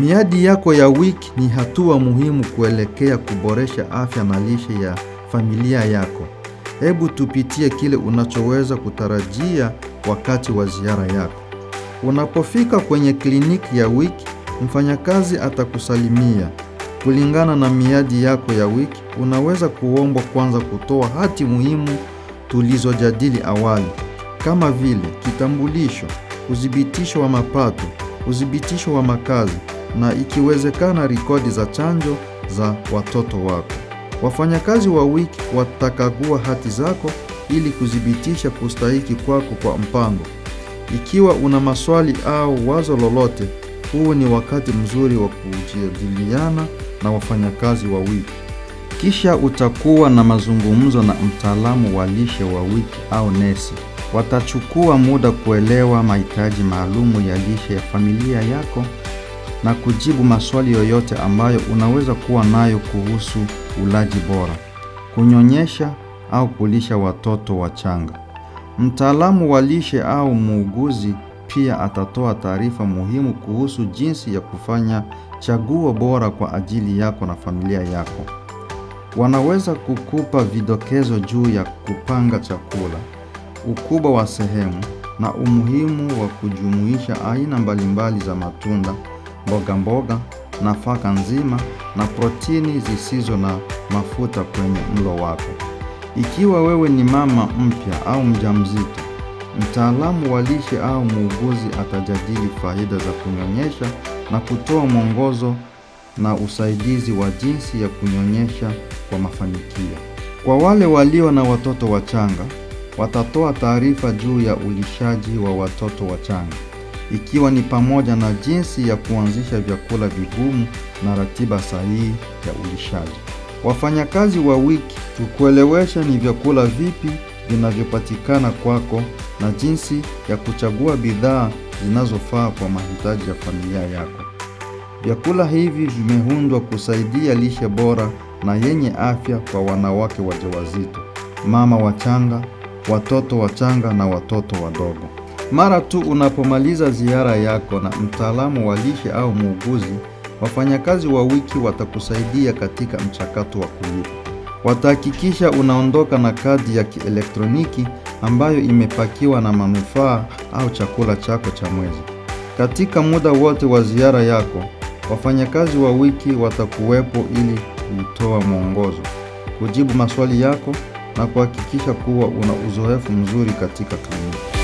Miadi yako ya wiki ni hatua muhimu kuelekea kuboresha afya na lishe ya familia yako. Hebu tupitie kile unachoweza kutarajia wakati wa ziara yako. Unapofika kwenye kliniki ya wiki, mfanyakazi atakusalimia. Kulingana na miadi yako ya wiki, unaweza kuombwa kwanza kutoa hati muhimu tulizojadili awali, kama vile kitambulisho, uthibitisho wa mapato, uthibitisho wa makazi na ikiwezekana rekodi za chanjo za watoto wako. Wafanyakazi wa wiki watakagua hati zako ili kuthibitisha kustahiki kwako kwa mpango. Ikiwa una maswali au wazo lolote, huu ni wakati mzuri wa kujadiliana na wafanyakazi wa wiki. Kisha utakuwa na mazungumzo na mtaalamu wa lishe wa wiki au nesi. Watachukua muda kuelewa mahitaji maalumu ya lishe ya familia yako na kujibu maswali yoyote ambayo unaweza kuwa nayo kuhusu ulaji bora, kunyonyesha au kulisha watoto wachanga. Mtaalamu wa lishe au muuguzi pia atatoa taarifa muhimu kuhusu jinsi ya kufanya chaguo bora kwa ajili yako na familia yako. Wanaweza kukupa vidokezo juu ya kupanga chakula, ukubwa wa sehemu na umuhimu wa kujumuisha aina mbalimbali za matunda mbogamboga, nafaka nzima na protini zisizo na mafuta kwenye mlo wako. Ikiwa wewe ni mama mpya au mjamzito, mtaalamu wa lishe au muuguzi atajadili faida za kunyonyesha na kutoa mwongozo na usaidizi wa jinsi ya kunyonyesha kwa mafanikio. Kwa wale walio na watoto wachanga, watatoa taarifa juu ya ulishaji wa watoto wachanga ikiwa ni pamoja na jinsi ya kuanzisha vyakula vigumu na ratiba sahihi ya ulishaji. Wafanyakazi wa wiki tukueleweshe ni vyakula vipi vinavyopatikana kwako na jinsi ya kuchagua bidhaa zinazofaa kwa mahitaji ya familia yako. Vyakula hivi vimeundwa kusaidia lishe bora na yenye afya kwa wanawake wajawazito, mama wachanga, watoto wachanga na watoto wadogo. Mara tu unapomaliza ziara yako na mtaalamu wa lishe au muuguzi, wafanyakazi wa wiki watakusaidia katika mchakato wa kulipa. Watahakikisha unaondoka na kadi ya kielektroniki ambayo imepakiwa na manufaa au chakula chako cha mwezi. Katika muda wote wa ziara yako, wafanyakazi wa wiki watakuwepo ili kutoa mwongozo, kujibu maswali yako na kuhakikisha kuwa una uzoefu mzuri katika kliniki.